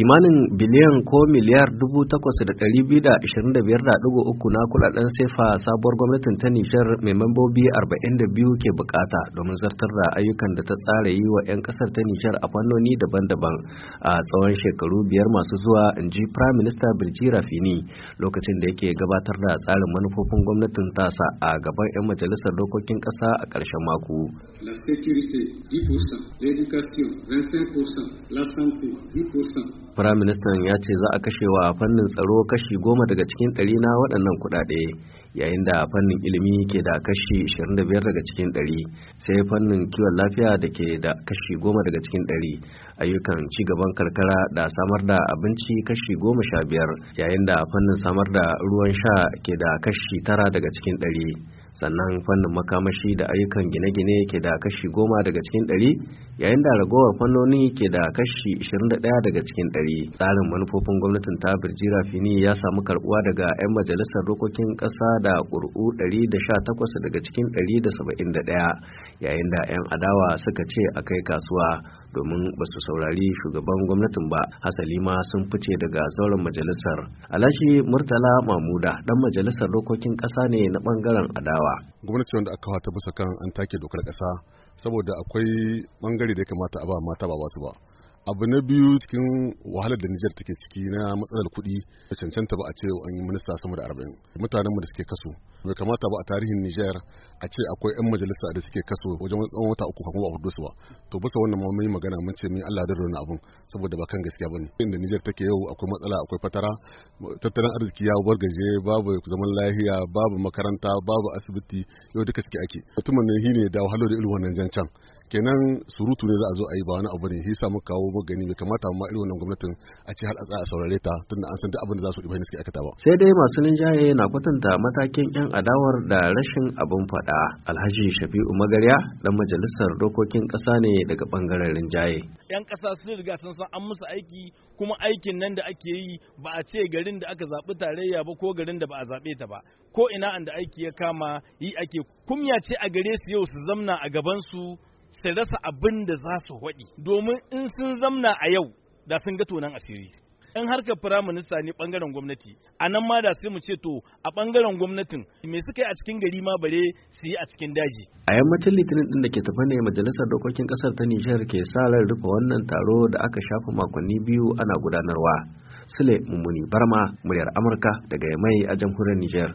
kimanin biliyan ko miliyar 8,225.3 na kudaden sefa sabuwar gwamnatin ta Nijar mai mambobi 42 ke bukata domin zartar da ayyukan da ta tsara yi wa 'yan kasar ta Nijar a fannoni daban-daban a tsawon shekaru biyar masu zuwa in ji Prime Minister Birji Rafini lokacin da yake gabatar da tsarin manufofin gwamnatin tasa a gaban 'yan majalisar dokokin kasa a karshen mako. La 10%, 10%, Firaministan ya ce za a kashe wa fannin tsaro kashi goma daga cikin ɗari na waɗannan kuɗaɗe yayin da fannin ilimi ke da kashi 25 daga cikin ɗari sai fannin kiwon lafiya da ke da kashi goma daga cikin ɗari ayyukan ci gaban karkara da samar da abinci kashi goma sha biyar yayin da fannin samar da ruwan sha ke da kashi tara daga cikin ɗari sannan fannin makamashi da ayyukan gine-gine ke da kashi goma daga cikin ɗari yayin da ragowar fannoni ke da kashi 21 daga cikin ɗari tsarin manufofin gwamnatin ta birjira fini ya samu karbuwa daga 'yan majalisar dokokin ƙasa da ƙuri'u 118 daga cikin 171 yayin da 'yan adawa suka ce a kai kasuwa domin ba su saurari shugaban gwamnatin ba hasali ma sun fice daga sauran majalisar alashi murtala mamuda dan majalisar dokokin kasa ne na bangaren adawa gwamnati wanda aka ta bisa kan an take dokar kasa saboda akwai bangare da ya kamata a ba mata ba wasu ba abu na biyu cikin wahalar da Nijar take ciki na matsalar kuɗi da cancanta ba a ce an yi minista sama da arba'in mutanen da suke kaso bai kamata ba a tarihin Nijar a ce akwai 'yan majalisa da suke kaso wajen tsawon wata uku kafin a hudu su ba to bisa wannan ma mun yi magana mun ce mun Allah da rona abun saboda ba kan gaskiya bane inda Nijar take yau akwai matsala akwai fatara tattalin arziki ya bargaje babu zaman lafiya babu makaranta babu asibiti yau duka suke ake mutumin ne hine da wahalo da irin wannan jancan kenan surutu ne za a zo a yi ba wani abu ne shi samu kawo magani bai kamata ma irin wannan gwamnatin a ce har a tsaya a saurare ta tunda an san duk abin da za su ɗiba ne suke aikata ba sai dai masu linjaye na kwatanta matakin 'yan adawar da rashin abin faɗa alhaji shafi'u magarya dan majalisar dokokin ƙasa ne daga ɓangaren rinjaye yan ƙasa sun riga sun san an musu aiki kuma aikin nan da ake yi ba a ce garin da aka zaɓi tarayya ba ko garin da ba a zaɓe ta ba ko ina da aiki ya kama yi ake kumya ce a gare su yau su zamna a gabansu su rasa abin da za su haɗi domin in sun zamna a yau da sun ga tonan asiri in harkar firaminista ne bangaren gwamnati a nan ma da sai mu ce to a bangaren gwamnatin me suka yi a cikin gari ma bare su yi a cikin daji a yammacin litinin din da ke tafa ne majalisar dokokin kasar ta nijar ke sa ran rufe wannan taro da aka shafa makonni biyu ana gudanarwa sule mummuni barma muryar amurka daga Yamayi a jamhuriyar nijar